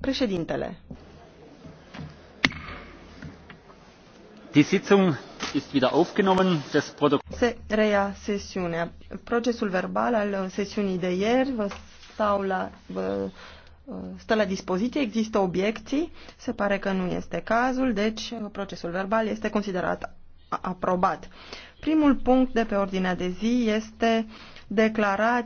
Președintele. Die Sitzung ist wieder aufgenommen. Das Se reia sesiunea. Procesul verbal al sesiunii de ieri vă stau la vă, uh, stă la dispoziție, există obiecții, se pare că nu este cazul, deci uh, procesul verbal este considerat aprobat. Primul punct de pe ordinea de zi este declarația